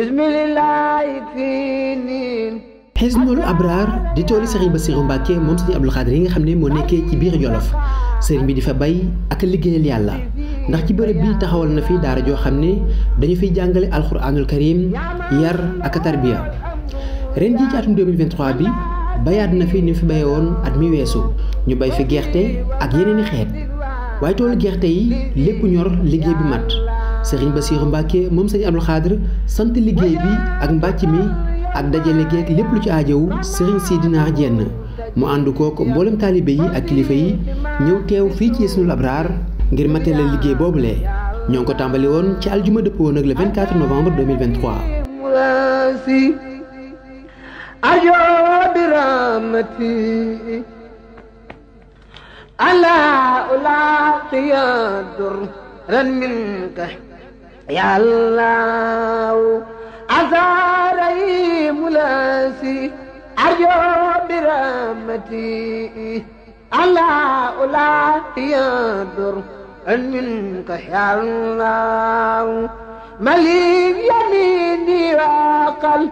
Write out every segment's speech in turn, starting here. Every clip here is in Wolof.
bismillah ikfini Hisnul Abraar di tooli ba Bassirou Mbacke moom Serigne Abdou Khadre yi nga xam ne moo nekkee ci biir Jolof sëriñ bi di fa bay ak liggéeyal yàlla ndax ci bërëb bi taxawal na fi daara joo xam ne dañu fiy jàngale alxuraanul karim yar ak tarbiya ren jii ci atum bi bayaat na fi ni fi baye woon at mi weesu ñu bay fi gerte ak yeneen xeet waaye toolu gerte yi lépp ñor liggéey bi mat Serigne Bassirou Mbacke moom sëñ Abdou Khadre sant liggéey bi ak mbàcc mi ak dajale geek lépp lu ci aajowu Serigne Sidi Naar Diène mu ànd kook mboolem taalibe yi ak kilifa yi ñëw teew fii ci Hisnul Abraar ngir matale liggéey boobule ñoo ngi ko tàmbali woon ci aljuma dëppoo woon ak le 24 novembre 2023. ألا ألاقي يا الله أزاري ملاسي أرجو برحمتي ألا ألا يدر منك يا الله مليك يميني وقل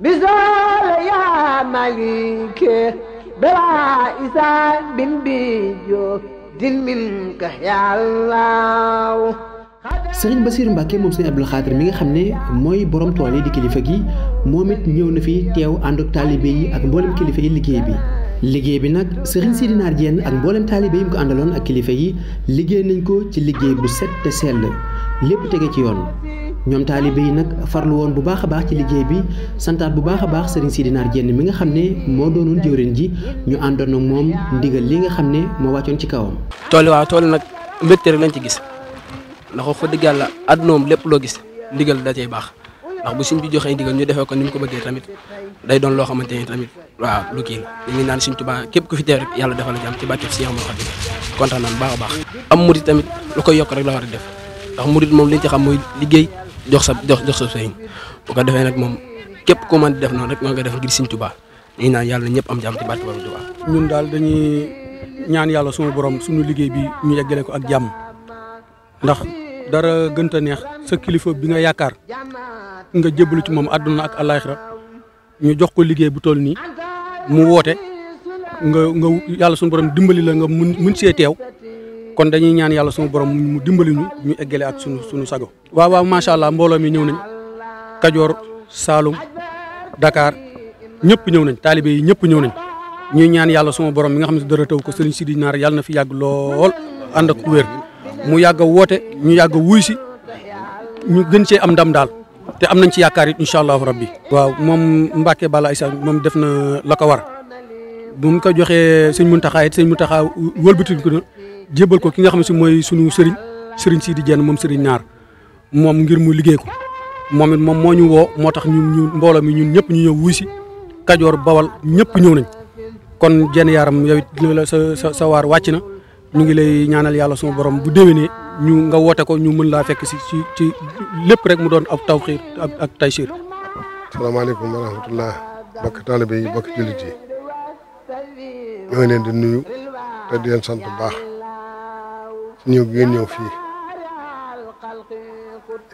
بزال يا مليك بلا إسان بن بيجو دل منك يا الله sëriñ Basiir Mbàkke moom sëriñ Abdul Xaadir mi nga xam ne mooy borom tool yi di kilifa gi moom it ñëw na fi teew ànd ak taalibe yi ak mboolem kilifa yi liggéey bi liggéey bi nag sëriñ Sidi Naar Diène ak mboolem taalibe yi mu ko àndaloon ak kilifa yi liggéey nañ ko ci liggéey bu set te sell lépp tege ci yoon ñoom taalibe yi nag farlu woon bu baax a baax ci liggéey bi santaat bu baax a baax sëriñ Sidi Naar Diène mi nga xam ne moo doonoon jëwrin ji ñu àndoon ak ndigal li nga xam ne moo wàccoon ci kawam. tool waaw tool nag mbégte lañ ci gis ndax wax fa dëgg yàlla àddunoom lépp loo gis ndigal da cay baax ndax bu sëñ bi joxee ndigal ñu defee ko ni mu ko bëggee tamit day doon loo xamante ni tamit waaw lu kii la ñu naan sëñ Tuubaa képp ku fi teew rek yàlla defal la jàmm ci bàcceef si yaxamal xadim kontaan naan baax a baax am murit tamit lu koy yokk rek la war a def ndax murit moom liñ ci xam mooy liggéey jox sa jox jox sa sëriñ ko defee nag moom képp ku mën def noonu rek nga ko def ngir sëñ Tuubaa ñu naan yàlla ñëpp am jàmm ci barke borom Tuubaa ñun dañuy ñaan yàlla sunu borom sunu liggéey bi ñu yeggale ko ak jàmm ndax dara gënt a neex sa kilifa bi nga yaakaar nga jébbalu ci moom àdduna ak àllaaxira ñu jox ko liggéey bu toll nii mu woote nga nga yàlla suñu borom dimbali la nga mun mun see kon dañuy ñaan yàlla suñu borom mu dimbali ñu ñu eggale ak suñu suñu sago. waaw waaw macha allah mbooloo mi ñëw nañ Kajoor Saalum Dakar ñëpp ñëw nañ taalibe yi ñëpp ñëw nañ ñuy ñaan yàlla suma borom mi nga xam ne dara taw ko si Sidi Naar yàlla na fi yàgg lool ànd ak wér. mu yàgg a woote ñu yàgg a wuy si ñu gën cee am ndam daal te am nañ ci yaakaar it incha allahu rabbi waaw moom Mbacke Balla Aïssa moom def na la ko war bu mu ko joxee sëñ Mountakha it sëñ Mountakha wëlbati ko na ko ki nga xam si mooy sunu sëriñ sëriñ Sidi Diène moom sëriñ Naar moom ngir mu liggéey ko moom it moom moo ñu woo moo tax ñun ñu mbooloo mi ñun ñëpp ñu ñëw wuy si Kajoor Bawal ñëpp ñëw nañ kon jenn yaaram yow sa sa sa waar wàcc na. ñu ngi lay ñaanal yàlla suma borom bu déwénee ñu nga woote ko ñu mën laa fekk si ci ci lépp rek mu doon ab tawxiir ak taysiir. salaamaaleykum wa rahmatullah mbokk taalibe yi mbokk jullit yi ñoo ngi leen di nuyu te di leen sant bu baax ñëw ngeen ñëw fii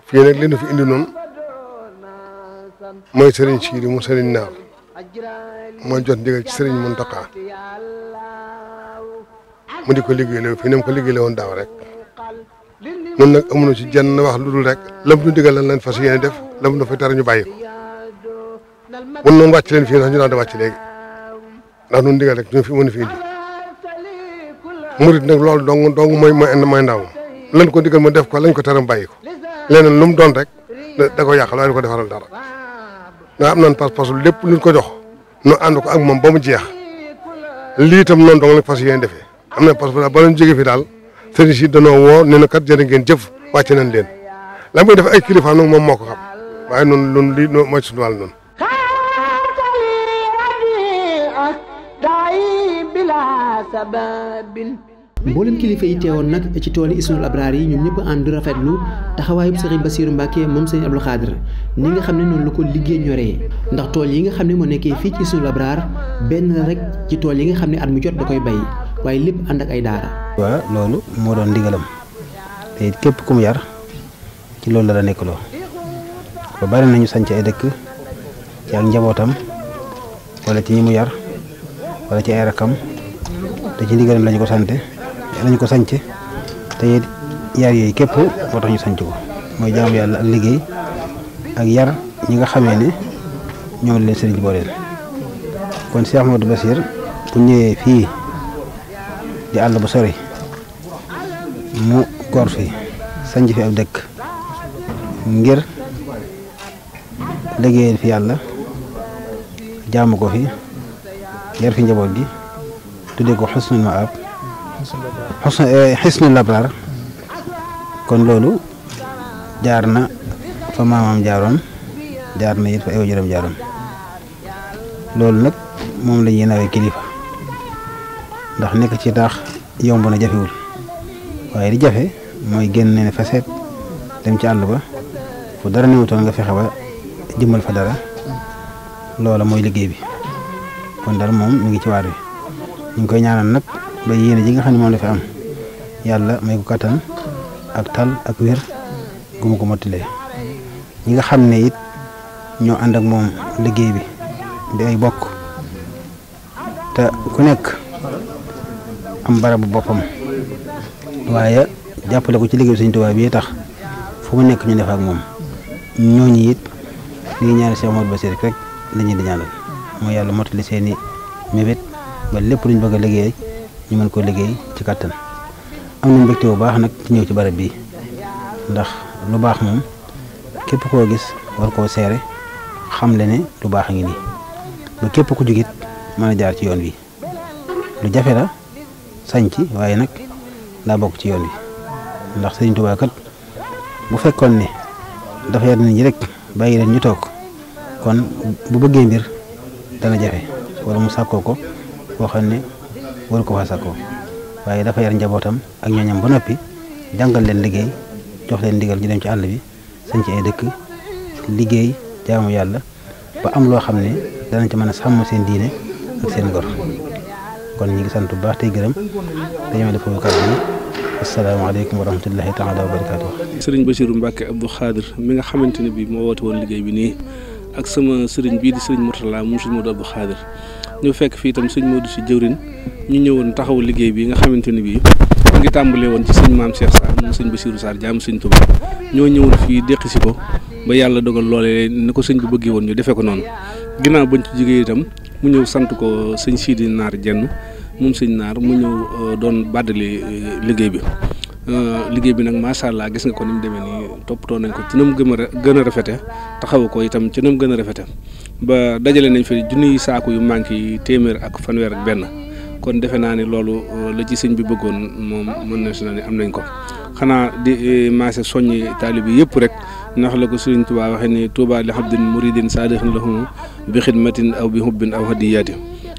fii nag leen fi indi noonu mooy Serigne Sidi mu Serigne Naar mooy jot ndigal ci Serigne Mountakha mu di ko liggéeyaloo fii ni ko liggéeyaloo woon daaw rek ñun nag amuñu ci jenn wax lu dul rek lam ñu digal lan leen fas yéene def lam ñu fa tere ñu bàyyi ko mun noonu wàcc leen fii ndax ñu daan da wàcc ndax ñun digal rek fi mën fi indi loolu dong dong mooy mooy mooy ndaw lan ko digal mu def ko lañ ko tere mu bàyyi ko leneen lu mu doon rek da ko yàq loolu ko defaral dara ndax am nañ pas-pas lépp luñ ko jox nu ànd ko ak moom ba mu jeex lii itam noonu dong la fas yéene defee am na parce que ba leen jógee fi daal sëriñ si danoo woo ne na kat jërë ngeen jëf wàcce nañ leen la muy def ay kilifa nag moom moo ko xam waaye noonu li lii mooy suñu wàll noonu. mboolem kilifa yi teewoon nag ci tooli Hisnul Abraar yi ñoom ñëpp ànd rafetlu taxawaayub Serigne Bassirou Mbacke moom Serigne Abdou Khadre ni nga xam ne noonu la ko liggéey ñoree ndax tool yi nga xam ne moo nekkee fii ci Hisnul Abraar benn rek ci tool yi nga xam ne at mu jot da koy bay waaye lépp ànd ak ay daara. waaw loolu moo doon ndigalam te képp ku yar ci loolu la la nekk loo ba bari nañu sanc ay dëkk ci ak njabootam wala ci ñi mu yar wala ci ay rakam te ci ndigalam lañu ko sante lañu ko sanc te it yar yooyu képp moo tax ñu sanc ko mooy jaamu yàlla ak liggéey ak yar ñi nga xamee ne ñoom leen sëriñ booleel kon Cheikh Ahmadou Bassir bu ñëwee fii di àll bu sori mu gor fi sanj fi ab dëkk ngir liggéeyal fi yàlla jaamu ko fi yar fi njaboot gi tudde ko xusnul maab xusn eh, kon loolu jaar na fa maamam jaaroon jaar na it fa ay waajuram jaaroon loolu nag moom la ñuy nawee kilifa ndax nekk ci taax yomb na jafewul waaye di jafe mooy génn ne faseet dem ci àll ba fu dara néewutoon nga fexe ba jëmmal fa dara loola mooy liggéey bi kon dara moom mu ngi ci waar wi ñu koy ñaanal nag ba yéene ji nga xam ne moom la am yàlla may ko ak tal ak wér nga xam ne it ñoo ànd moom liggéey bi di ay bokk te ku nekk am barabu boppam waaye jàppale ko ci liggéey Sëñ Tuubaa bi tax fu mu nekk ñu def moom ñooñu it ñu ngi ñaanal Cheikh ba Bassir rek la ñuy di ñaanal mooy yàlla motali li seeni mébét ba lépp luñ bëgg a liggéey ñu mën koo liggéey ci kàttan am nañ mbégte bu baax nag ci ñëw ci barab bi ndax lu baax moom képp koo gis war koo seere xam le ne lu baax a ngi nii ba képp ku jugit mën a jaar ci yoon wi lu jafe la sañc waaye nag laa bokk ci yoon wi ndax sëriñ Tuubaa bu fekkoon ne dafa yar nit ñi rek bàyyi leen ñu toog kon bu bëggee mbir dana jafe wala mu sàkkoo ko koo xam ne waru ko faa sàkkoo waaye dafa yar njabootam ak ñooñam ba noppi jàngal leen liggéey jox leen ndigal ñu dem ci àll bi sañc ay dëkk liggéey jaamu yàlla ba am loo xam ne danañ ci mën a sàmm seen diine ak seen gor kon ñu ngi sant bu baax tey gërëm dañu ma def foofu kàddu yi asalaamaaleykum wa rahmatullahi taala wa barakaatu. sëriñ Bachirou Mbacke Abdou Khadir mi nga xamante ne bii moo woote woon liggéey bi nii ak sama sëriñ bii di sëriñ Mourtala mu sëriñ Modou Abdou ñu fekk fii itam sëriñ Modou si jëwrin ñu ñëwoon taxaw liggéey bi nga xamante ne bii mu ngi tàmbalee woon ci sëriñ maam Cheikh Sarr moom sëriñ Bachirou Sarr jaamu sëriñ Touba ñoo ñëwoon fii déqi si ko ba yàlla dogal loolee ni ko sëñ bi bëggee woon ñu defee ko noonu ginnaaw bañ ci jógee itam mu ñëw sant ko sëñ Sidi Naar jenn moom sëñ Naar mu ñëw euh, doon bàddali euh, liggéey bi euh, liggéey bi nag macha allah gis nga ko ni mu demee nii toppatoo nañ ko ci na mu gën a gën a rafete taxawu ko itam ci na mu gën a rafete ba dajale nañ fi junniy saako yu manqué yi téeméer ak fanweer ak benn kon defe naa ne loolu la ci sëñ bi bëggoon moom mën na si ne am nañ ko. xanaa di eh, maase soññi taalib yi yëpp rek ndax la ko Sëriñ Tuubaa waxee ni Tuubaa li xabdin muridin saadixin lahum bi xidmatin aw bi hubbin aw hadiyatin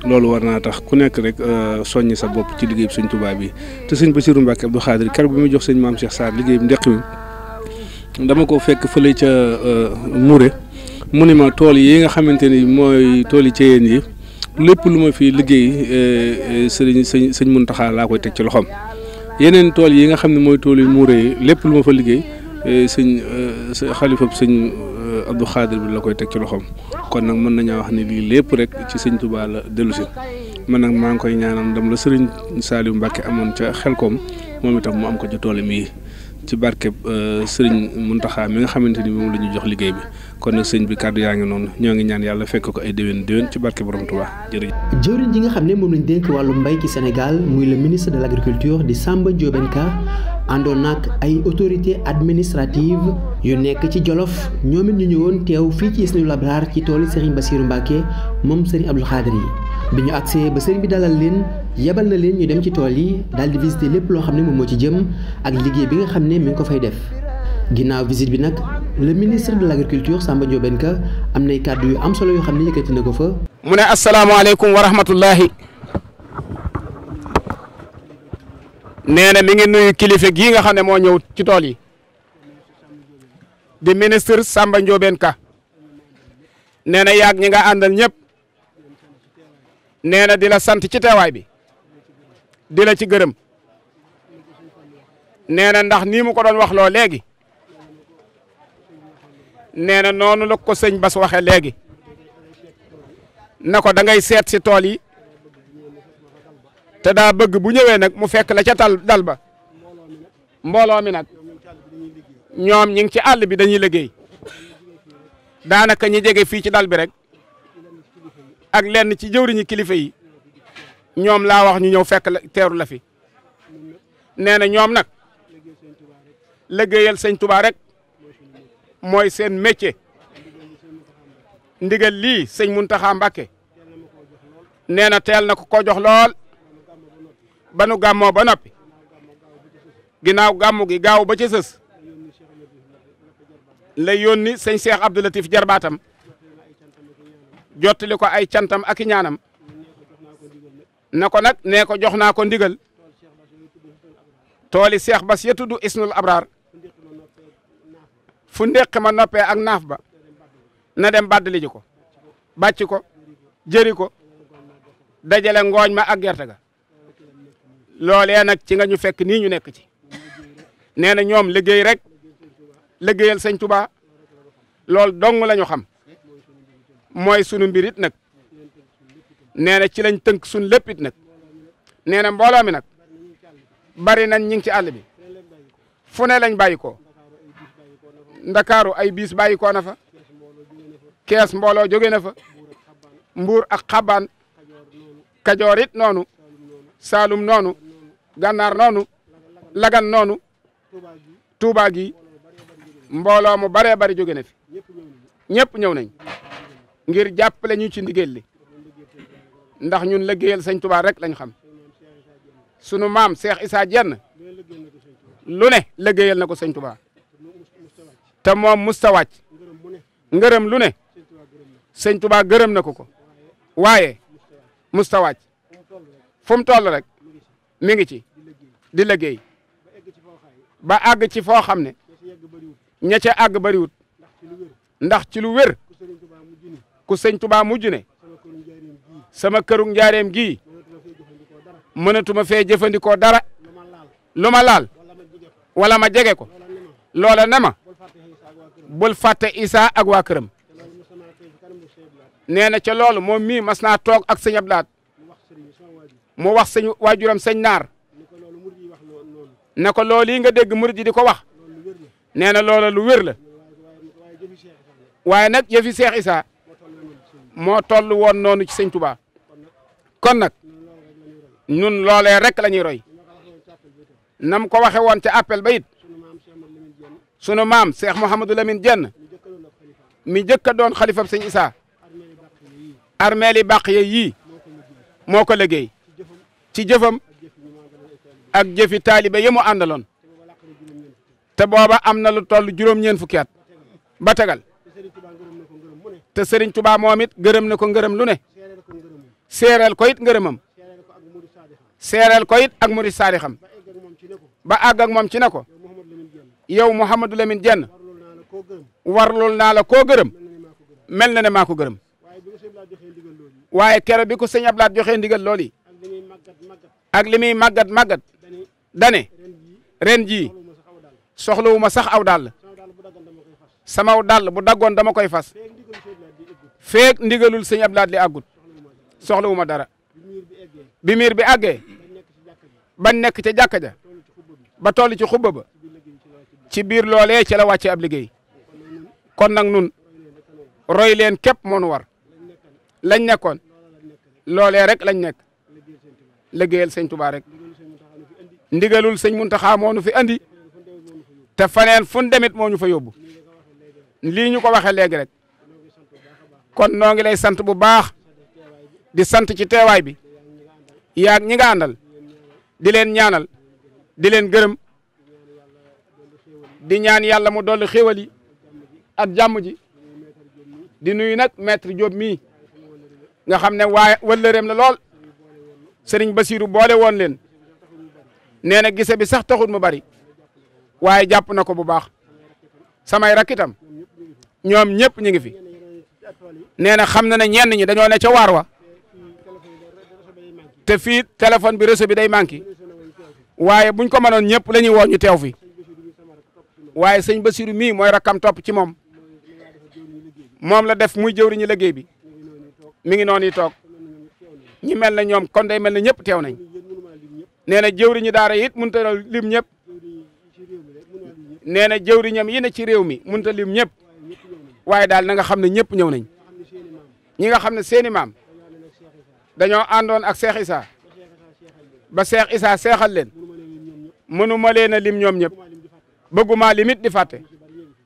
loolu war naa tax ku nekk rek eh, soññi sa bopp ci liggéey Sëriñ Tuubaa bi te sëñ Basiiru Mbàkke Abdu Xaadir keroog bi muy jox sëñ Maam Cheikh Sarr liggéey bi ndeq mi dama ko fekk fële ca eh, Mouré mu ne ma tool yi nga xamante ni mooy tool yi ceyeen yi lépp lu ma fi liggéey sëriñ sëñ sëñ mun Muntaxa laa koy teg ci loxoom yeneen tool yi nga xam ne mooy tool yu muure yi lépp lu ma fa liggéey eh, sëñ eh, xalifa sëñ eh, Abdou Khadir bi la koy teg ci loxoom kon nag mën nañoo wax ne lii lépp rek ci sëñ Touba la dellu si man nag maa ngi koy ñaanam ndam la sëriñ Saliou Mbacke amoon ca Xelkom moom itam mu am ko ci toolam yi ci barkeb sëriñ Mountakha mi nga xamante ni moom la ñu jox liggéey bi. kon nag sëñ bi kàddu yaa ngi noonu ñoo ngi ñaan yàlla fekk ko ay déwén déwén ci barke borom Tuubaa jërëjëf. jëwriñ ji nga xam ne moom lañ dénk wàllu mbay ci Sénégal muy le ministre de l' agriculture di Samba Ndiobène Ka àndoon nag ay autorités administratives yu nekk ci Jolof ñoom it ñu ñëwoon teew fii ci Isnul Abrar ci toolu Serigne Bassirou Mbacke moom Serigne Abdou Khadre yi bi ñu agsee ba Serigne bi dalal leen yebal na leen ñu dem ci tool yi daal di visiter lépp loo xam ne moom moo ci jëm ak liggéey bi nga xam ne mi ngi ko fay def. ginnaaw visite bi nag le ministre de l' agriculture Samba Ndiobène Ka am nay kàddu yu am solo yoo xam ne yëkkati na ko fa. mu ne asalaamaaleykum wa rahmatullahi nee na mi ngi nuyu kilifa gii nga xam ne moo ñëw ci tool yi di ministre Samba Ndiobène Ka neena na yaag ñi nga àndal ñëpp nee na di la sant ci teewaay bi di la ci gërëm nee na ndax nii mu ko doon wax loo léegi. nee na noonu la ko sëñ Bas waxe léegi na ko da seet si tool yi te daa bëgg bu ñëwee nag mu fekk la ca tal dal ba mbooloo mi nag ñoom ñi ngi ci àll bi dañuy liggéey daanaka ñi jege fii ci dal bi rek ak lenn ci jëwriñu kilifa yi ñoom la wax ñu ñëw fekk la teeru la fi nee na ñoom nag liggéeyal sëñ Tuubaa rek mooy seen métier ndigal lii sëñ Muntaxa Mbàkke nee na teel na ko ko jox lool banu nu gàmmoo ba noppi ginnaaw gàmmu gi gaaw ba ca sës yónni sëñ Cheikh Abdou Latif jarbaatam jottali ko ay cantam ak i ñaanam na ko nag nee ko jox naa ko ndigal tooli Cheikh Bass ya tudd Isnul Abrar fu ndeq ma noppee ak naaf ba na dem baddali ko bàcc ko jëri ko dajale ngooñ ma ak gerte ga loolee nag ci nga ñu fekk nii ñu nekk ci nee na ñoom liggéey rek liggéeyal sëñ Tuubaa loolu dong la ñu xam mooy sunu mbir nag nee na ci lañ tënk suñ lépp nag nee na mi nag bari na ñi ngi ci àll bi ne lañ bàyyi ko ndakaaru ay biis bàyyi koo na fa kees mbooloo jóge na fa mbuur ak xaban kajoor it noonu saalum noonu gannaar noonu lagan noonu tuubaa gi mbooloo mu bare bari jóge na fi ñëpp ñëw nañ ngir jàppale ñu ci ndigal li ndax ñun liggéeyal sëñ Tuubaa rek lañ xam sunu maam Cheikh Issa Diène lu ne liggéeyal na ko sëñ Tuubaa te moom musta wàcc ngërëm lu ne sëñ Tuubaa gërëm na ko ko waaye musta wàcc fu mu toll rek mi ngi ci di liggéey ba àgg ci foo xam ne ña ca àgg bariwut ndax ci lu wér ku sëñ Tuubaa mujj ne sama këru njaareem gi mënatuma fee jëfandikoo dara lu ma laal ma jege ko loola ne ma bul fàtte Isa ak waa këram nee na ca loolu moo mii mas naa toog ak sëñ Ablaat moo wax sëñ waajuram sëñ naar ne ko loolu yi nga dégg murid ji di ko wax nee na loola lu wér la waaye nag yëfi Seex Isa moo toll woon noonu ci sëñ Tuubaa kon nag ñun loolee rek la ñuy roy nam ko waxe woon ca appel ba it sunu maam Cheikh Mouhamadou Lamine Dieng mi njëkk a doon xalifab sëñ Issa armeel yi bàq yii moo ko liggéey ci jëfam ak jëfi taalibe yi mu àndaloon te booba am na lu toll juróom-ñeen fukki at ba tegal te Serigne Touba moom it gërëm na ko ngërëm lu ne seereel ko it ngërëmam seereel ko it ak murid saadixam ba àgg moom ci ne ko yow Mouhamadou Lamine Dieng warlul naa la koo gërëm mel na ne maa ko gërëm waaye kero bi ko sëñ Ablaat joxee ndigal lool yi ak li muy màggat màggat dane ren jii soxlawu ma sax aw dàll samaw dàll bu daggoon dama koy fas feek ndigalul sëñ Ablaat li àggut soxlawu ma dara bi miir bi àggee bañ nekk ca jàkka ja ba toll ci xubba ba ci biir loolee ci la wàcce ab liggéey kon nag nun roy leen képp moonu war lañ nekkoon loolee rek lañ nekk liggéeyal sëñ Tuubaa rek ndigalul sëñ Muntaxa moo nu fi andi te faneen fu demit moo ñu fa yóbbu lii ñu ko waxee léegi rek kon noo ngi lay sant bu baax di sant ci teewaay bi yaag ñi di leen ñaanal di leen gërëm di ñaan yàlla mu dolli xéwal yi ak jàmm ji di nuyu nag maître Diop mii nga xam ne waaye wëllëreem la lool sëriñ Basiiru boole woon leen nee na gise bi sax taxul mu bari waaye jàpp na ko bu baax samay rakkitam ñoom ñëpp ñu ngi fi nee na xam na ne ñenn ñi dañoo ne ca waar wa te fii téléphone bi réseau bi day manqué waaye buñ ko mënoon ñëpp la ñuy woo ñu teew fi waaye sëñ Basiru mii mooy rakkam topp ci moom moom la def muy jëwriñu liggéey bi mi ngi noon noonu toog ñi mel na ñoom kon day mel na ñëpp teew nañ nee na jëwriñu daara it mënut a lim ñëpp nee na jëwriñam yi ne ci réew mi mënut a lim ñëpp waaye daal na nga xam ne ñëpp ñëw nañ ñi nga xam ne seeni maam dañoo àndoon ak Seex Isaa ba Seex Isaa seexal leen mënu ma leen lim ñoom ñëpp. bëgguma limite di fàtte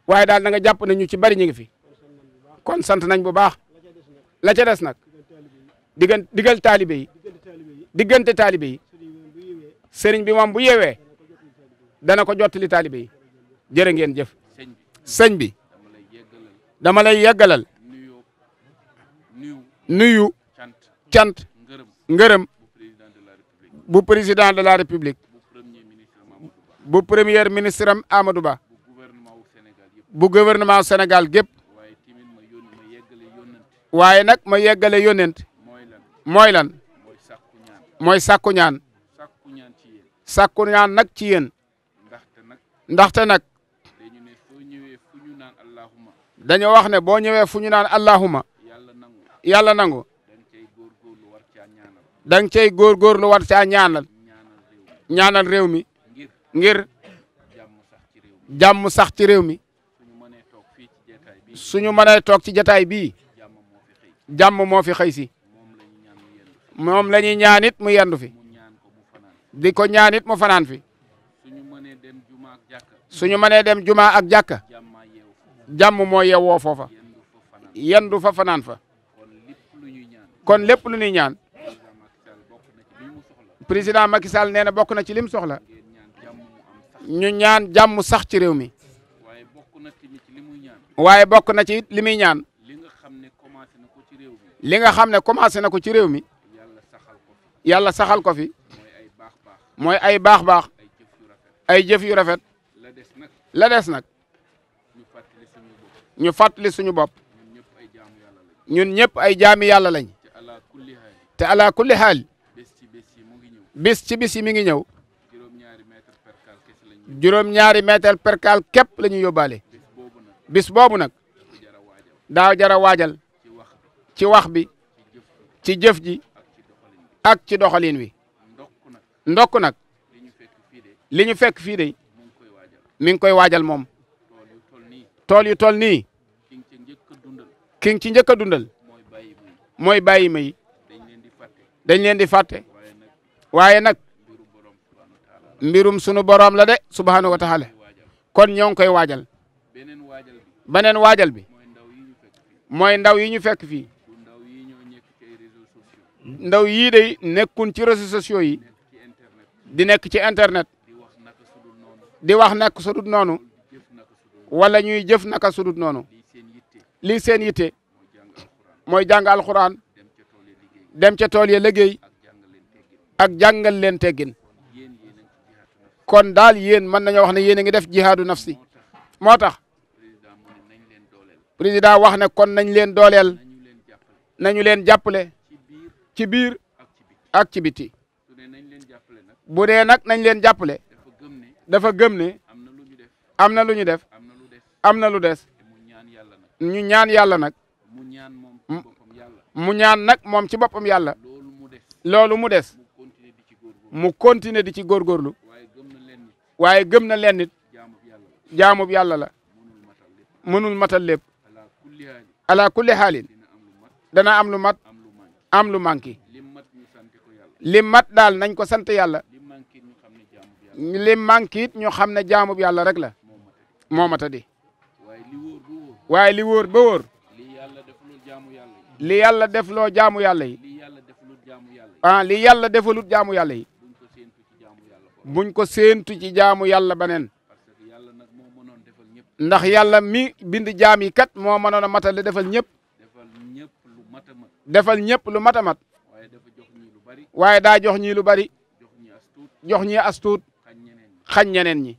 waaye daal da nga jàpp ne ñu ci bari ñu ngi fi kon sant nañ bu baax la ca des nag diggan diggal taalibe diggante taalibe yi sëriñ bi moom bu yeewee dana ko jottali taalibe yi jërë ngeen jëf sëñ bi dama lay yeggalal nuyu cant ngërëm bu président de la république bu premier ministre am Amadou Ba bu guvernement Sénégal gépp waaye nag ma yeggale yónent mooy lan mooy sàkku ñaan sàkku ñaan nag ci yéen ndaxte nag dañoo wax ne boo ñëwee fu ñu naan allahuma yàlla nangu da nga cay góorgóorlu war caa ñaanal ñaanal réew mi ngir jàmm sax ci réew mi suñu mënee toog ci jataay bii jàmm moo fi xëy si moom la ñuy ñaan it mu yendu fi di ko ñaan it mu fanaan fi suñu mënee dem juma ak jàkka jàmm moo yewwoo foofa yendu fa fanaan fa kon lépp lu ñuy ñaan président Macky Sall nee na bokk soxla ñu ñaan jàmm sax ci réew mi waaye bokk na ci li muy ñaan waaye bokk na ci li muy ñaan li nga xam ne commencé na ko ci réew mi li nga xam ne commencé na ko ci réew yàlla saxal ko yàlla saxal ko fi mooy ay baax baax mooy ay baax baax ay jëf yu rafet la des nag la des nag ñu fàttali suñu bopp ñu fàttali suñu bopp ñun ñëpp ay jaami yàlla lañ te ala kulli haal bis ci bis yi mu ngi ñëw bis ci bis yi mi ngi ñëw juróom-ñaari mètre percale képp la ñuy yóbbaale bis boobu nag daa jara waajal ci wax bi ci jëf ji ak ci doxalin wi ndokk nag li ñu fekk fii de mi ngi koy waajal moom tool yu tool nii ki nga ci njëkk a dundal mooy bàyyi ma yi dañ leen di fàtte waaye nag mbirum sunu boroom la de subhaanahu wa taala kon ñoo ngi koy waajal beneen waajal bi mooy ndaw yi ñu fekk fii ndaw yii day nekkun ci réseaux sociaux yi di nekk ci internet di wax naka sudut noonu wala ñuy jëf naka sudut noonu li seen yitte mooy jàng alxuraan dem ca tool ya liggéey ak jàngal leen teggin kon daal yéen mën nañoo wax ne yéen a ngi def jihaadu nafsi moo tax président wax na kon nañ leen dooleel nañu leen jàppale ci biir ak ci biti bu dee nag nañ leen jàppale dafa gëm ne am na lu ñu def am na lu des ñu ñaan yàlla nag mu ñaan nag moom ci boppam yàlla loolu mu des mu continuer di ci góorgóorlu waaye gëm na leen nit jaamub yàlla la mënul matal lépp ala kulli xaalin dana am lu mat am lu manqué li mat daal nañ ko sant yàlla li manqué ñu xam ne jaamub yàlla rek la moo di waaye li woor ba wóor li yàlla def loo jaamu yàlla yi ah li yàlla defalut jaamu yàlla yi buñ ko seentu ci jaamu yàlla beneen ndax yàlla mi bindi jaam yi kat moo mënoon a matal defal ñëpp defal ñëpp lu mat a mat waaye daa jox ñii lu bari jox ñi astuut xañ ñeneen ñi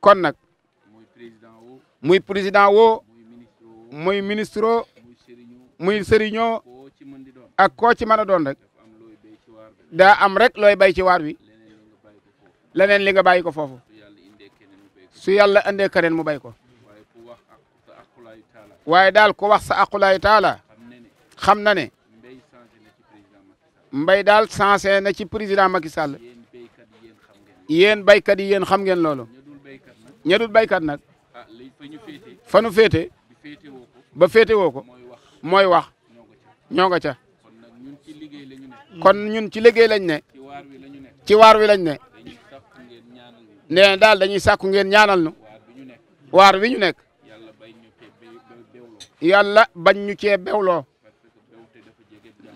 kon nag muy président woo muy ministre woo muy sëriñoo ak koo ci mën a doon rek daa am rek looy bay ci waar wi leneen li nga bàyyi ko foofu su yàlla andee keneen mu bay ko waaye daal ku wax sa aqulaay taala xam na ne mbay daal sensé na ci président Macky Sall yéen béykat yi yéen xam ngeen loolu ña dul béykat nag ah, fa nu féete ba féete woo ko mooy wax ñoo nga ca kon ñun ci liggéey lañ ne ci waar wi lañ ne nee daal dañuy sàkku ngeen ñaanal nu waar wi ñu nekk yàlla bañ ñu cee bewloo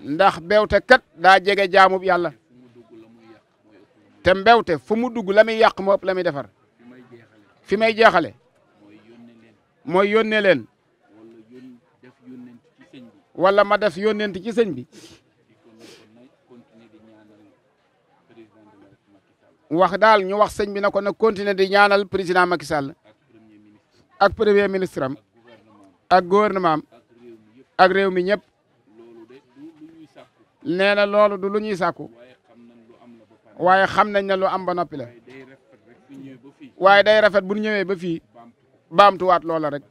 ndax bewte kat daa jege jaamub yàlla te mbewte fu mu dugg la muy yàq moo la muy defar fi may jeexale mooy yónne leen wala ma def yónnent ci sëñ bi wax daal ñu wax sëñ bi na ko na continuer di ñaanal président Macky Sall ak premier ministre am ak gouvernement am ak réew mi ñëpp nee na loolu du lu ñuy sàkku waaye xam nañ na lu am ba noppi la waaye day rafet bu ñëwee ba fii baamtuwaat loola rek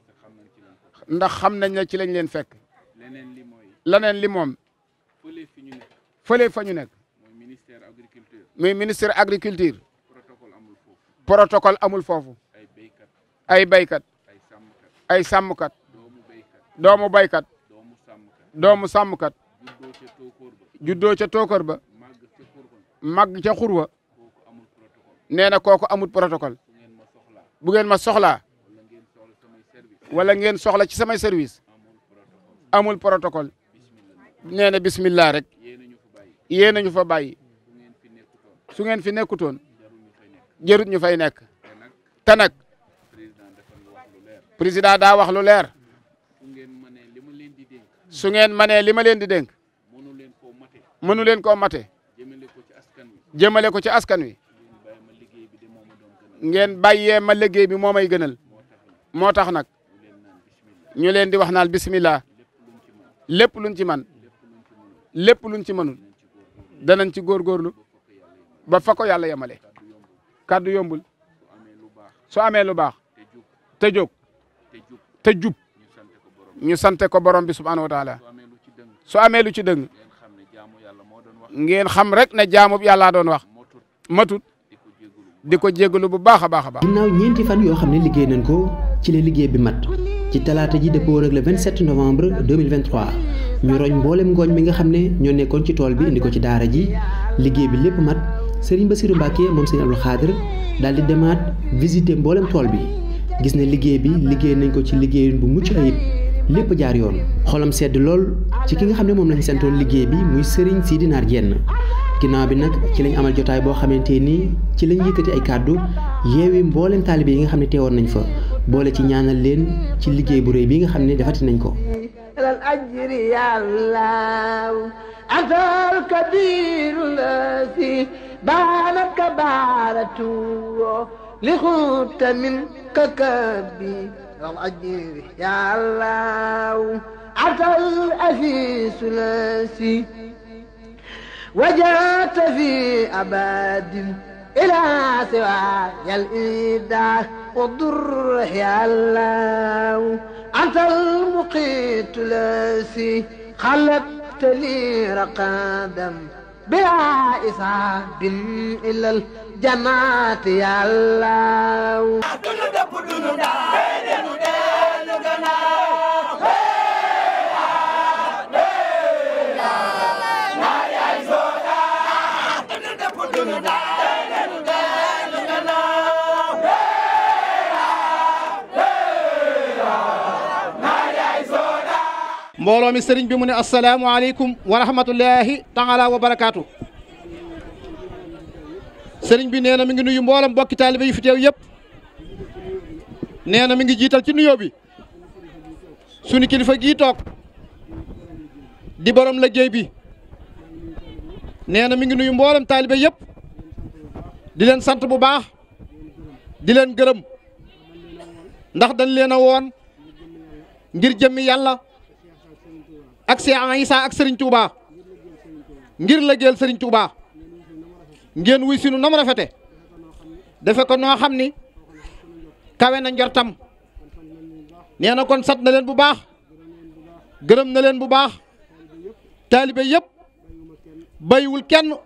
ndax xam nañ ne ci lañ leen fekk leneen li moom fële fa ñu nekk muy ministre agriculture protocole amul foofu ay baykat ay sàmmkat doomu baykat doomu sàmmkat juddoo ca tookor ba màgg ca xurwa nee na kooku amul protocole bu ngeen ma soxlaa wala ngeen soxla ci samay service amul protocole nee na bismillah rek yéen nañu fa bay su ngeen fi nekkutoon jërut ñu fay nekk te nag président daa wax lu leer su ngeen manee li ma leen di dénk mënu leen koo mate jëmale ko ci askan wi ngeen bàyyee ma liggéey bi moo may gënal moo tax nag ñu leen di wax naal bismillah lépp luñ ci man lépp luñ ci mënul danañ ci góorgóorlu ba fa ko yàlla yemale kàddu yombul su amee lu baax te jóg te jub ñu sante ko borom bi subhaanahu wa taala su amee lu ci dëng ngeen xam rek na jaamu yàllaa doon wax matut di ko jégalu bu baax a baax a baax. ginnaaw ñeenti fan yoo xam ne liggéey nañ ko ci la liggéey bi mat ci talaata ji dëppoo ak le 27 novembre 2023 ñu roñ mboolem ngooñ mi nga xam ne ñoo nekkoon ci tool bi indi ko ci daara ji liggéey bi lépp mat. sëriñ Serigne Bassirou Mbacké moom Serigne Abdou Khadr daal di demaat visiter mboolem tool bi gis ne liggéey bi liggéey nañ ko ci liggéeyin bu mucc ayib lépp jaar yoon. xolam sedd lool ci ki nga xam ne moom lañ sentoon liggéey bi muy Serigne Sidi Naar Diène ginnaaw bi nag ci lañ amal jotaay boo xamante ni ci lañ yëkkati ay kàddu yeewi mboolem taalibe yi nga xam ne teewoon nañ fa boole ci ñaanal leen ci liggéey bu rëy bi nga xam ne defati nañ ko. بانك بارة لخوت منك كبي العجيب يا الله عطى الأسيس لاسي وجات في أباد إلى سواي الإيداع والضر يا الله أنت المقيت لاسي خلقت لي رقادا بها إسحاق إلى الجنات يا الله mbooloo mi sëriñ bi mu ne asalaamualeykum wa rahmatullahi taala wa barakaatu sëriñ bi nee na mi ngi nuyu mboolam mbokki taalibe yu fi teew yëpp nee na mi ngi jiital ci nuyoo bi sunu kilifa gii toog di la géey bi neena mi ngi nuyu mboolam taalibe yépp di leen sant bu baax di leen gërëm ndax dañ leen a woon ngir jëmmi yàlla ak Cheikh Issa ak sëriñ Touba ngir la jël Serigne Touba ngeen wuy sunu nam rafete defe ko noo xam ni kawe na njortam nee na kon sat na leen bu baax gërëm na leen bu baax taalibe yëpp bayiwul kenn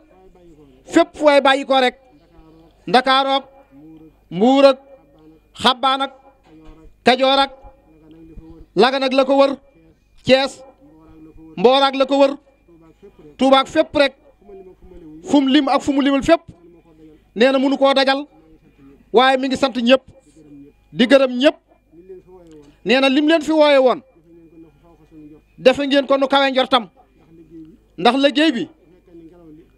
fépp fu waay bàyyi ko rek ndakaaroog mbuur ak xabbaan ak nag la ko wër cees mbooraag la ko wër Touba ak rek fu mu lim ak fu mu limul fépp nee na mënu koo dajal waaye mi ngi sant ñëpp di gërëm ñëpp nee na lim leen fi wooye woon defe ngeen ko nu kawe njortam ndax liggéey bi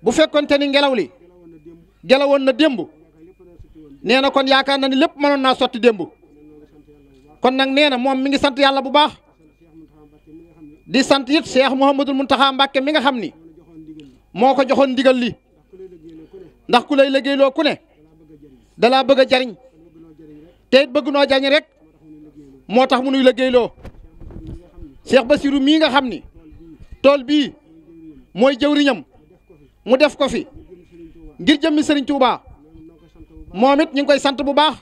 bu fekkonte ni ngelaw li gelawoon na démb nee na kon yaakaar na ni lépp mënoon naa sotti démb kon nag nee na moom mi ngi sant yàlla bu baax di sant it Cheikh Mouhamadul taxaa Mbacké mi nga xam ni moo ko joxoon ndigal li ndax ku lay liggéeyloo ku ne dalaa bëgg a jariñ te bëgg noo jariñ rek moo tax mu nuy liggéeyloo ba Basirou mii nga xam ni tool bii mooy jëwriñam mu def ko fi ngir jëmmi Serigne Touba moom it ñu ngi koy sant bu baax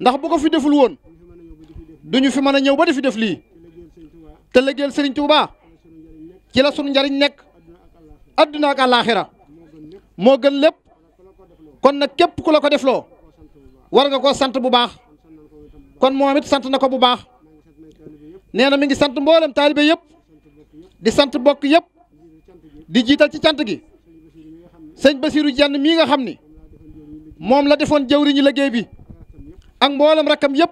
ndax bu ko fi deful woon duñu fi mën a ñëw ba defi def lii te la jël Serigne Touba ci la sunu njariñ nekk adduna ak ra moo gën lépp kon nag képp ku la ko def defloo war nga ko sant bu baax kon moom it sant na ko bu baax nee na mi ngi sant mboolem taalibe yëpp di sant bokk yëpp di jiital ci cant gi sëñ Basiiru Jenn mii nga xam ni moom la defoon jëwriñu liggéey bi ak mboolem rakkam yëpp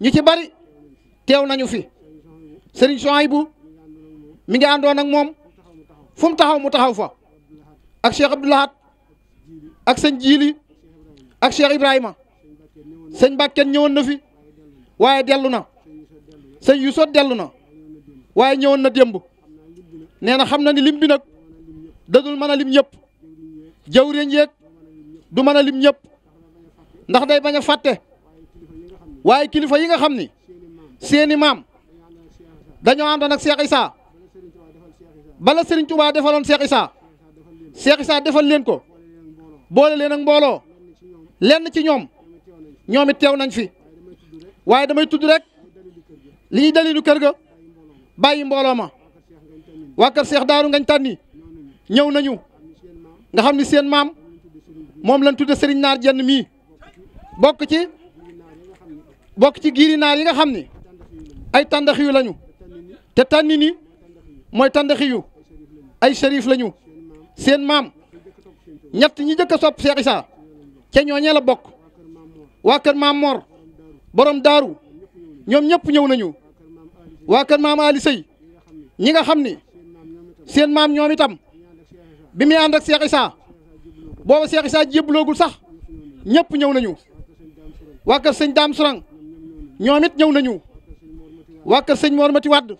ñu ci bari teew nañu fi sëriñ Souhaïbou mi ngi àndoon ak moom fu taxaw mu taxaw fa ak Cheikh Abdou ak sëñ Jiili ak Cheikh Ibrahima sëñ Bakken ñëwoon na fi waaye dellu na sëñ Youssou dellu na waaye ñëwoon na démb nee na xam na ni lim bi nag dadul a lim ñëpp jawriñ yeeg du mën a lim ñëpp ndax day bañ a waaye kilifa yi nga xam ni seeni maam. dañoo àndoon ak Cheikh Issa bala Serigne Touba defaloon Cheikh Issa seex Issa defal leen ko boole leen ak mbooloo lenn ci ñoom ñoom it teew nañ fi waaye damay tudd rek li ñuy dalilu kër ga bàyyi mbooloo ma waa kër seex Daaru ngañ tànni ñëw nañu nga xam ni seen maam moom lañ tudde Serigne Naar jenn mii bokk ci bokk ci giiri naar yi nga xam ni ay tàndax yu lañu te tànni ni mooy tàndaxi yu ay sharif lañu seen maam ñett ñi jëkk a sopp Cheikh Issa ca ñooñee bokk waa kër maam Mor borom daaru ñoom ñëpp ñëw nañu waa kër maam Ali ñi nga xam ni seen maam ñoom itam bi muy ànd ak Cheikh Issa booba Cheikh Issa jébloogul sax ñëpp ñëw nañu waa kër sëñ Daam Surang ñoom it ñëw nañu waa kër sëñ Mor Mati Wadd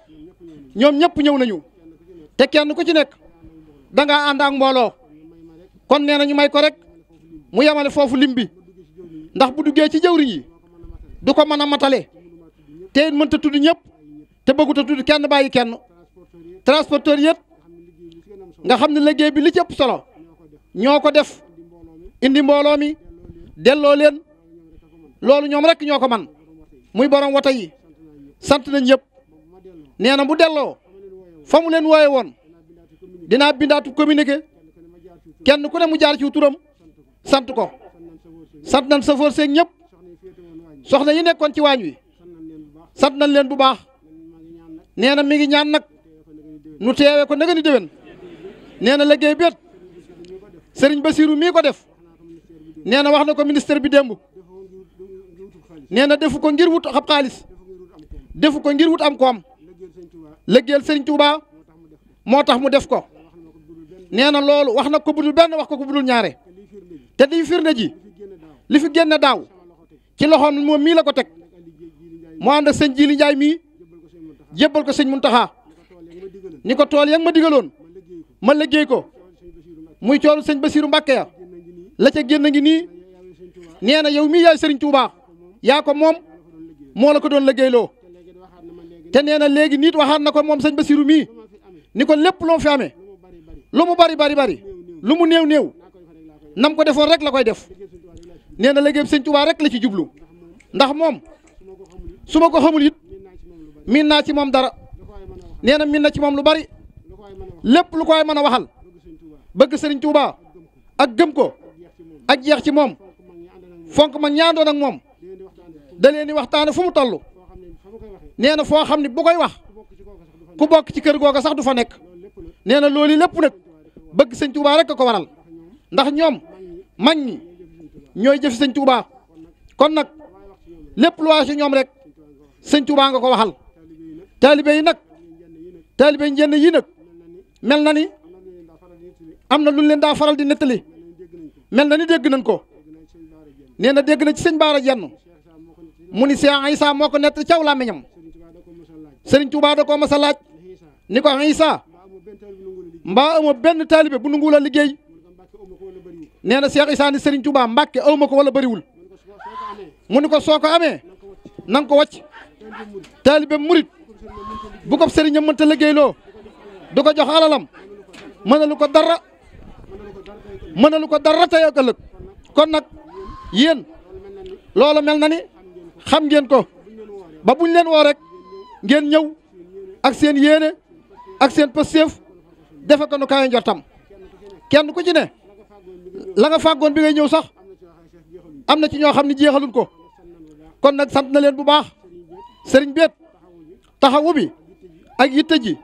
ñoom ñëpp ñëw nañu te kenn ku ci nekk danga ngaa ànd ak mbooloo kon nee nañu ñu may ko rek mu yamale foofu lim bi ndax bu duggee ci jëwriñ yi du ko mën a matale te it mënta tudd ñëpp te bëggut a tudd kenn bàyyi kenn transporteur yëpp nga xam ne liggéey bi li ci ëpp solo ñoo ko def indi mbooloo mi delloo leen loolu ñoom rek ñoo ko man muy borom wata yi sant nañ ñëpp. nee na bu delloo fa mu leen wooye woon dinaa bindaatu communiqué kenn ku ne mu jaar ci turam sant ko sant nañ safoor seeg ñëpp na yi nekkoon ci waañ wi sant nañ leen bu baax nee na mi ngi ñaan nag nu teewee ko nanga ni déwén nee na liggéey béet sëriñ Basiiru mii ko def nee na wax na ko ministère bi démb nee na defu ko ngir wut xab xaalis defu ko ngir wut am koom liggéeyal sëriñ Touba moo tax mu def ko nee na loolu wax na ko budul benn wax ko ko budul ñaare te liy firnde ji li fi génn daaw ci loxoom moom mii la ko teg mu ànd ak sëñ Jili Njaay mii jébbal ko sëñ Muntaxa ni ko tool ya nga ma digaloon ma liggéey ko muy coolu sëñ Basiiru Mbàkke ya la ca génn ngi nii nee na yow mii yaay sëriñ Touba yaa ko moom moo la ko doon liggéeyloo te nee na léegi nit waxaat na ko moom sëñ Basiru mii ni ko lépp loo fi amee lu mu bari bari bari lu mu néew néew nam ko defoon rek la koy def nee na léegi sëñ Tuubaa rek la ci jublu ndax moom su ma ko xamul it miin naa ci moom dara nee na miin na ci moom lu bari lépp lu koy mën a waxal bëgg sëriñ Tuubaa ak gëm ko ak jeex ci moom fonk ma ñaandoon ak moom da leen di waxtaane fu mu toll nee na foo xam ne boo koy wax ku bokk ci kër googa sax du fa nekk nee na loolu lépp nag bëgg sëñ Tuubaa rek a ko waral ndax ñoom mag ñi ñooy jëf sëñ Tuubaa kon nag lépp lu waa si ñoom rek sëñ Tuubaa nga ko waxal taalibe yi nag taalibe yenn yi nag mel na ni am na lu leen daa faral di nettali mel na ni dégg nañ ko nee na dégg na ci sëñ Baara Jenn mu ni Cheikh Issa moo ko nett caw làmmiñam Serigne Touba da koo mas a ni ko Issa mbaa amoo benn taalibe bu nanguwul a liggéey nee na Cheikh Issa ni Serigne Touba Mbàkke aw ma ko wala bëriwul mu ni ko soo ko amee na ko wàcc taalibe murit bu ko sëriñam mënta liggéeyloo du ko jox alalam mënalu ko dara mënalu ko dara tey ak ëllëg kon nag yéen loolu mel na ni. xam ngeen ko ba buñ leen woo rek ngeen ñëw ak seen yéene ak seen pësteef defe ko nu kawe njortam kenn ku ci ne la nga fàggoon bi ngay ñëw sax am na ci ñoo xam ne jeexaluñ ko kon nag sant na leen bu baax sëriñ beet taxawu bi ak yitte ji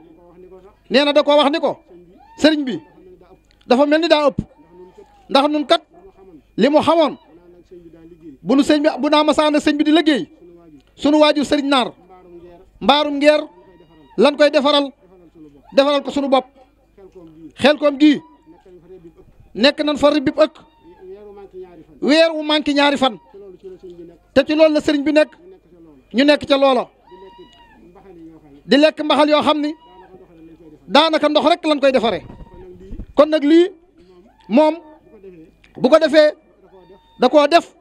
nee na da koo wax ni ko sëriñ bi dafa mel ni daa ëpp ndax nun kat li mu xamoon bu nu sëñ bi bu naa masaana sëñ bi di liggéey sunu waajur sëriñ naar mbaarum ngeer lan koy defaral defaral ko sunu bopp xel koom gii nekk nan fa ribib ëkk weer wu manqué ñaari fan te ci loolu la seriñ bi nekk ñu nekk ca loola di lekk mbaxal yoo xam ni daanaka ndox rek lan koy defare kon nag lii moom bu ko defee da koo def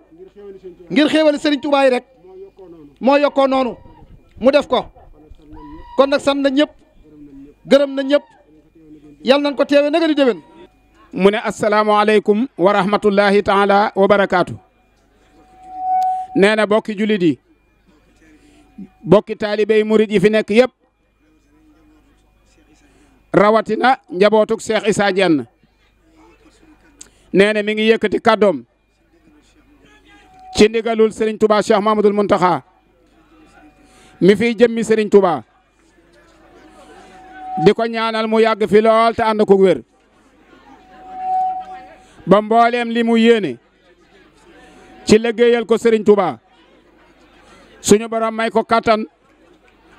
ngir xéewali sëriñ Tuubaa yi rek moo yokkoo noonu mu def ko kon nag san na ñëpp gërëm na ñëpp yal nañ ko teewe naga di déwén mu ne asalaamaaleykum wa rahmatullahi taala wa barakaatu nee na bokki jullit yi bokki taalibey murit yi fi nekk yépp rawatina njabootug Cheikh Issa Diène nee na mi ngi yëkkati kàddoom ci ndigalul Serigne Touba Cheikh Mahmadul Muntaxa mi fiy jëmmi Serigne Touba di ko ñaanal mu yàgg fi lool te ànd ko wér ba mbooleem li mu yéene ci liggéeyal ko sëriñ Touba suñu borom may ko kattan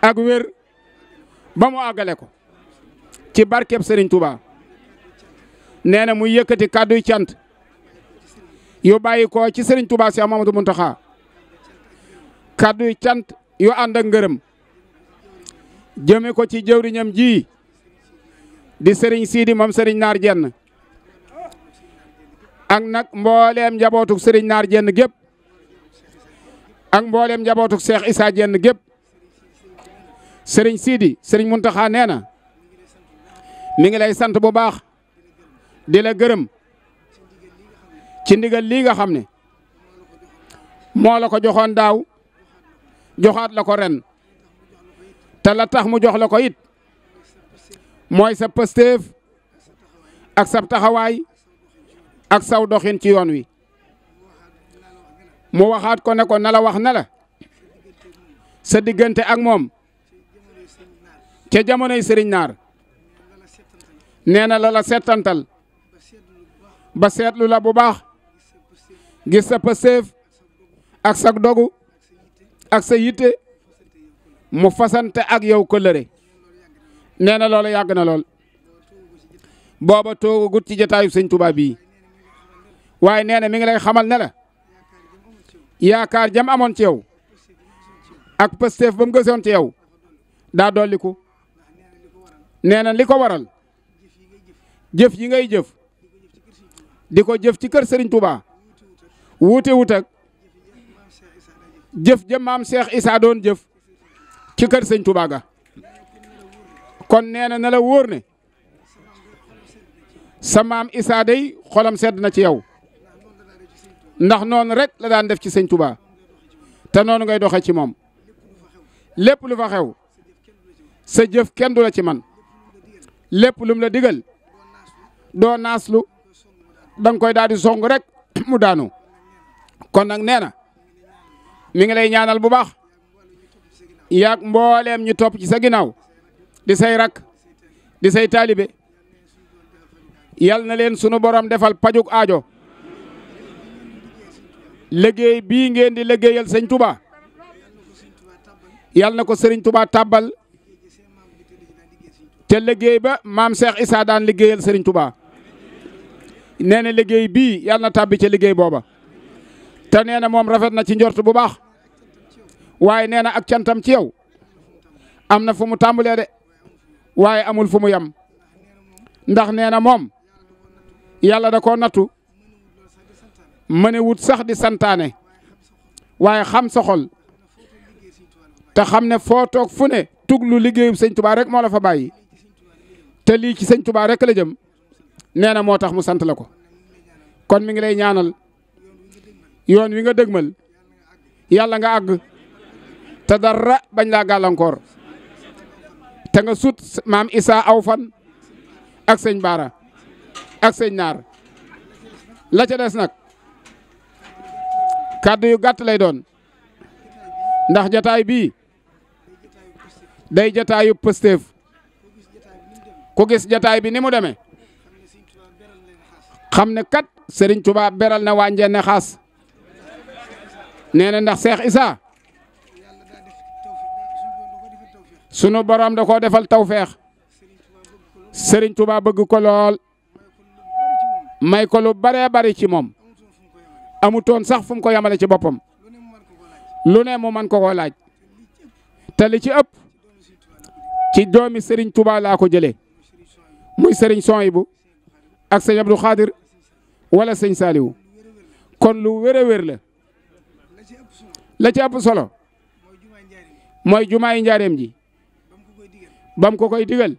ak wér ba mu àggale ko ci barkeb Serigne Touba nee na mu yëkkati kàdduy cant. yu bàyyi ko ci sëriñ Touba Cheikh Mamadou Mountakha kàddu cant yu ànd ak ngërëm jëme ko ci jëwriñam ji di sëriñ Sidi moom sëriñ Naar Jenn ak nag mbooleem njabootuk sëriñ Naar Jenn gépp ak mbooleem njabootuk Cheikh Issa Jenn gépp sëriñ Sidi sëriñ Mountakha nee na mi ngi lay sant bu baax di la gërëm ci ndigal lii nga xam ne moo la ko joxoon daaw joxaat la ko ren te la tax mu jox la ko it mooy sa pësteef ak sa taxawaay ak saw doxin ci yoon wi mu waxaat ko ne ko na wax na la sa diggante ak moom ca jamonoy sëriñ naar nee na la settantal ba seetlu la bu baax gis sa pëseef ak sag dogu ak sa yitte mu fasante ak yow këllëre nee na loolu yàgg na lool booba toogagut ci jotaayu sëñ Tuubaa bii waaye nee na mi ngi lay xamal ne la yaakaar jam amoon ci yow ak pësteef ba mu gësoon ci yow daa dolliku nee na li ko waral jëf yi ngay jëf di ko jëf ci kër sëriñ Touba wuute wut jëf ja maam Cheikh Issa doon jëf ci kër sëñ Touba kon nee na na la wóor ne sa maam Issa day xolam sedd na ci yow ndax noon rek la daan def ci sëñ Touba te noonu ngay doxe ci moom lépp lu fa xew sa jëf kenn du la ci man lépp lum la digal doo naaslu da nga koy daal song rek mu daanu. kon nag nee na mi ngi lay ñaanal bu baax yaag mbooleem ñu topp ci sa ginnaaw di say rak di say taalibe yal na leen sunu borom defal pajuk aajo liggéey bii ngeen di liggéeyal sëñ Touba yal na ko sëriñ tubaa tàbbal te liggéey ba maam seex Issa daan liggéeyal sëriñ Touba nee na liggéey bii yal na tàbbi ca liggéey booba. te nee na moom rafet na ci njort bu baax waaye nee na ak cantam ci yow am na fu mu tàmbalee de waaye amul fu mu yem ndax nee na moom yàlla da koo nattu mëne wut sax di santaane waaye xam sa te xam ne foo toog fu ne tuglu liggéeyum sëñ tubaa rek moo la fa bàyyi te lii ci sëñ tubaa rek la jëm nee na moo tax mu sant la ko kon mi ngi lay ñaanal yoon wi nga dëgmal yàlla nga àgg te dara bañ laa gàllankoor te nga sut maam Issa aw fan ak sëñ Baara ak sëñ Naar la ca des nag kàddu yu gàtt lay doon ndax jataay bii day jataayu pësteef ku gis jataay bi ni mu demee xam ne kat Serigne Touba beral na waa Njenne Xaas nee na ndax Cheikh Issa sunu borom da koo defal tawféex sëriñ tubaa bëgg ko lool may ko lu baree bari ci moom amutoon sax fu mu ko yamale ci boppam lu ne mu man ko koo laaj te li ci ëpp ci doomi sëriñ tubaa laa ko jële muy Serigne Sohibou ak sëñ Abdou Khadir wala sëñ Saliou kon lu wér a wér la. la ci ëpp solo mooy jumaayu njaareem ji bam ko koy digal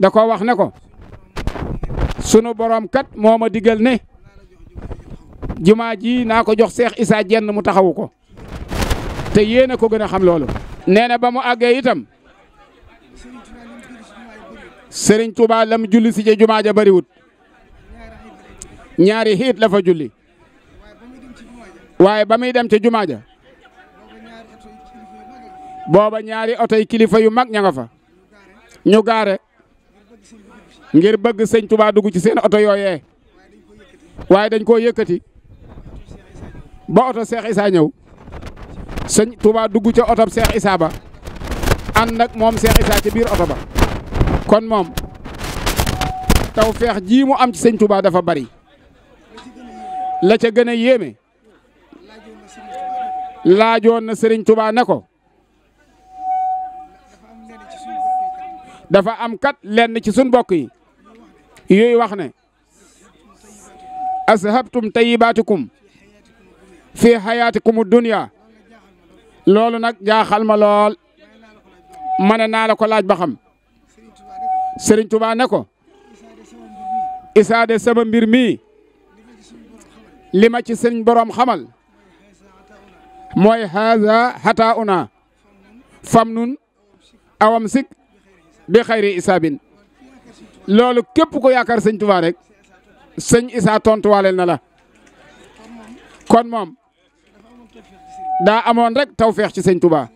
da ko wax ne ko sunu boroom kat moo ma digal ne jumaa ji naa ko jox seex isaa jenn mu taxawu ko te yéen ko gën a xam loolu. nee na ba mu àggee itam Serigne Touba lam julli si ca jumaa ja bariwut ñaari xiit la fa julli. waaye ba muy dem ca jumaa ja booba ñaari oto kilifa yu mag ña fa ñu gaare ngir bëgg sëñ Touba dugg ci seen oto yooyee waaye dañ koo yëkkati ba oto Cheikh Issa ñëw sëñ Touba dugg ca oto Cheikh Issa ba ànd ak moom Cheikh Issa ca biir oto ba kon moom taw feex ji mu am ci sëñ dafa bari la ca gën a yéeme laajoon na Serigne Touba ne ko dafa am kat lenn ci suñ mbokk yi yooyu wax ne ashabtum tayibaatikum fi hayaatikum dunya loolu nag jaaxal ma lool ma ne naa ko laaj ba xam Serigne Touba ko isaade sama mbir mii li ma ci sëñ boroom xamal mooy haza xataa una fam nun awam sik bi xayri isaabin loolu képp ko yaakaar sëñ Tuubaa rek sëñ Isaa tontuwaaleel na la kon moom daa amoon rek feex ci sëñ Tuubaa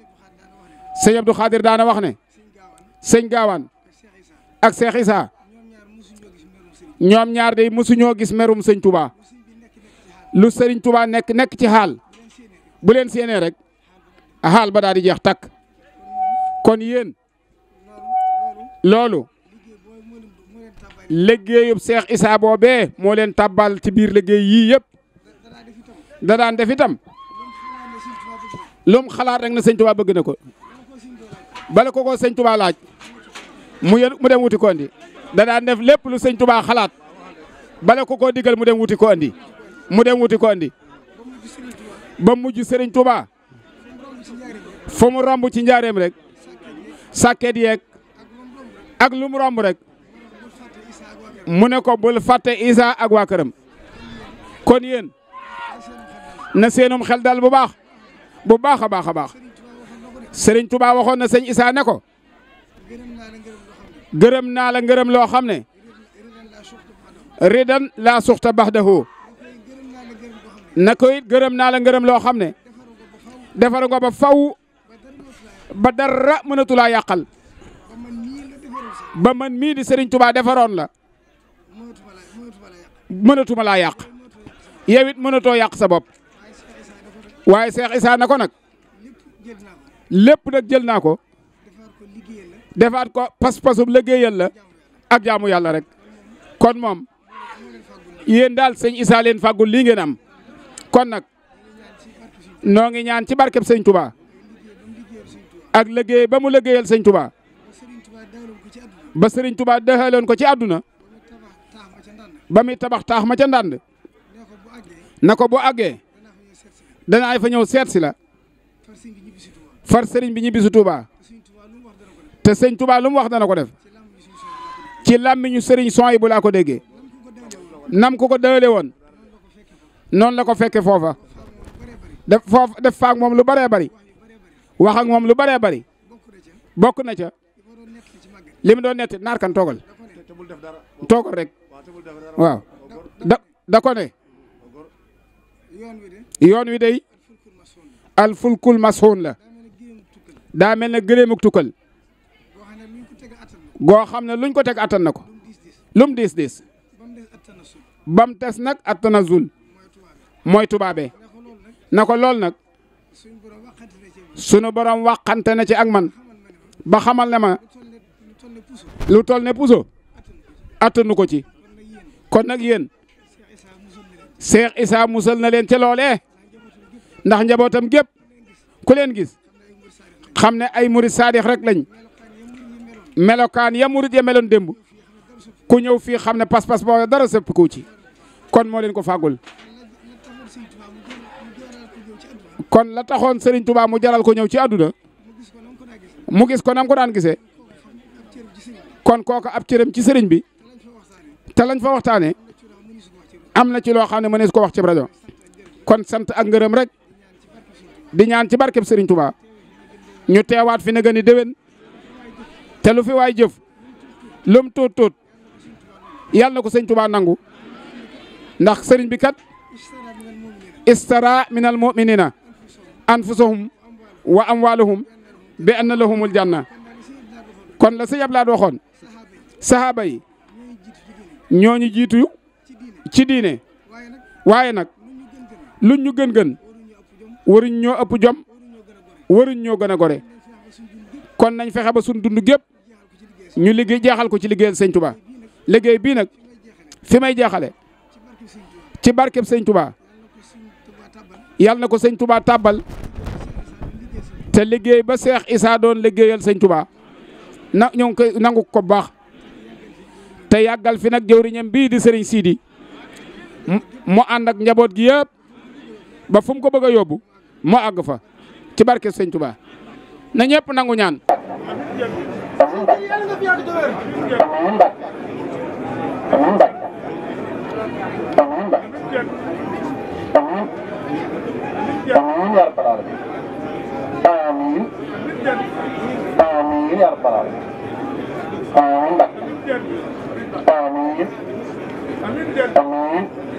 sëñ Abdou Khadir daana wax ne sëñ Gaawaan ak Seex Isaa ñoom ñaar day mosuñoo gis merum sëñ Tuubaa lu sëriñ Tuubaa nekk nekk ci xaal bu leen seenee rek xaal ba daal di jeex takk kon yéen loolu liggéeyub Seex Isaa boobee moo leen tabbal ci biir liggéey yii yépp dadaan def itam lum xalaat rek na sëñ Tuubaa bëgg na ko bala ko ko sëñ Tuubaa laaj mu yéen mu dem wuti ko andi da def lépp lu sëñ Tuubaa xalaat bala ko ko digal mu dem wuti ko andi mu dem wuti ko andi ba mujj sëriñ Touba fa mu romb ci njaareem rek sàkket yeeg ak lu mu romb rek mu ne ko bul fàtte Isa ak waa këram kon yéen na seenum xel dal bu baax bu baax a baax a baax Serigne Touba waxoon na sëñ Isa ne ko gërëm naa la ngërëm loo xam ne ridan laa suxta baxdahu na ko it gërëm naa la ngërëm loo xam ne defaru nga ba faw ba dara mënatu yàqal ba man mii di Serigne Touba defaroon la mënatuma laa yàq yow it yàq sa bopp waaye Cheikh Issa na ko nag lépp nag jël naa ko defaat ko pas-pasum liggéeyal la ak jaamu yàlla rek kon moom yéen daal sëñ Issa leen fàggul lii ngeen am. kon nag noo ngi ñaan ci barkeb sëñ Touba ak liggéey ba mu liggéeyal sëñ Touba ba sëriñ Touba dëxaloon ko ci àdduna ba muy tabax taax ma ca ndànd na ko bu àggee danaay fa ñëw seet si la far sëriñ bi ñibbi si Touba te sëñ Touba lu mu wax dana ko def ci làmmiñu sëriñ son yi bu laa ko déggee nam ko ko dëhale woon noonu la ko fekke foofa def foofa def faak moom lu baree bari wax ak moom lu bëree bëri bokk na ca li mu doon netti naar kan toogal toogal rek waaw da da ko ne yoon wi day alfulkul masoon la daa mel ne gëréemuk tukkal goo xam ne luñ ko teg attan ko lum diis diis bam tes nag attanazul mooy tubaabee na ko lool nag sunu borom waxante na ci ak man ba xamal ne ma lu toll ne puso attanu ko ci kon nag yéen Cheikh Issa musal na leen ci loole ndax njabootam gépp ku leen gis xam ne ay murid saadix rek lañ melokaan ya murid ya meloon démb ku ñëw fii xam ne pas-pas boo dara sëpp ko ci kon moo leen ko fàggul kon la taxoon sëriñ Touba mu jaral ko ñëw ci àdduna mu gis ko nam ko daan gisee kon kooku ab cëram ci Serigne bi te lañ fa waxtaanee am na ci loo xam ne mënees ko wax ci kon sant ak ngërëm rek di ñaan ci barkeb sëriñ Touba ñu teewaat fi na gën a fi waay jëf lum tuut tuut yàlla na ko sëñ Touba nangu ndax sëriñ bi kat istara minal mu'minina anfusahum wa amwaalahum bi anna lahumul janna kon la sëñ Ablaat waxoon saxaaba yi ñi jiitu ci diine waaye nag luñ ñu gën gën waruñ ñoo ëpp jom waruñ ñoo gën a gore kon nañ fexe ba suñ dund gépp ñu liggéey jeexal ko ci liggéeyal sëñ Tuubaa liggéey bii nag fi may jeexale ci barkeb sëñ Tuubaa yàlla na ko sëñ Touba tàbbal te liggéey ba Seex issa doon liggéeyal sëñ Touba na ñoo ngi koy nangu ko baax te yàggal fi nag jëwriñam bii di Serigne Sidi mu ànd ak njaboot gi yëpp ba fum ko bëgg a yóbbu mu àgg fa ci barke sëñ Touba na ñëpp nangu ñaan. amin ya rabbal alamin amin amin ya rabbal alamin amin amin amin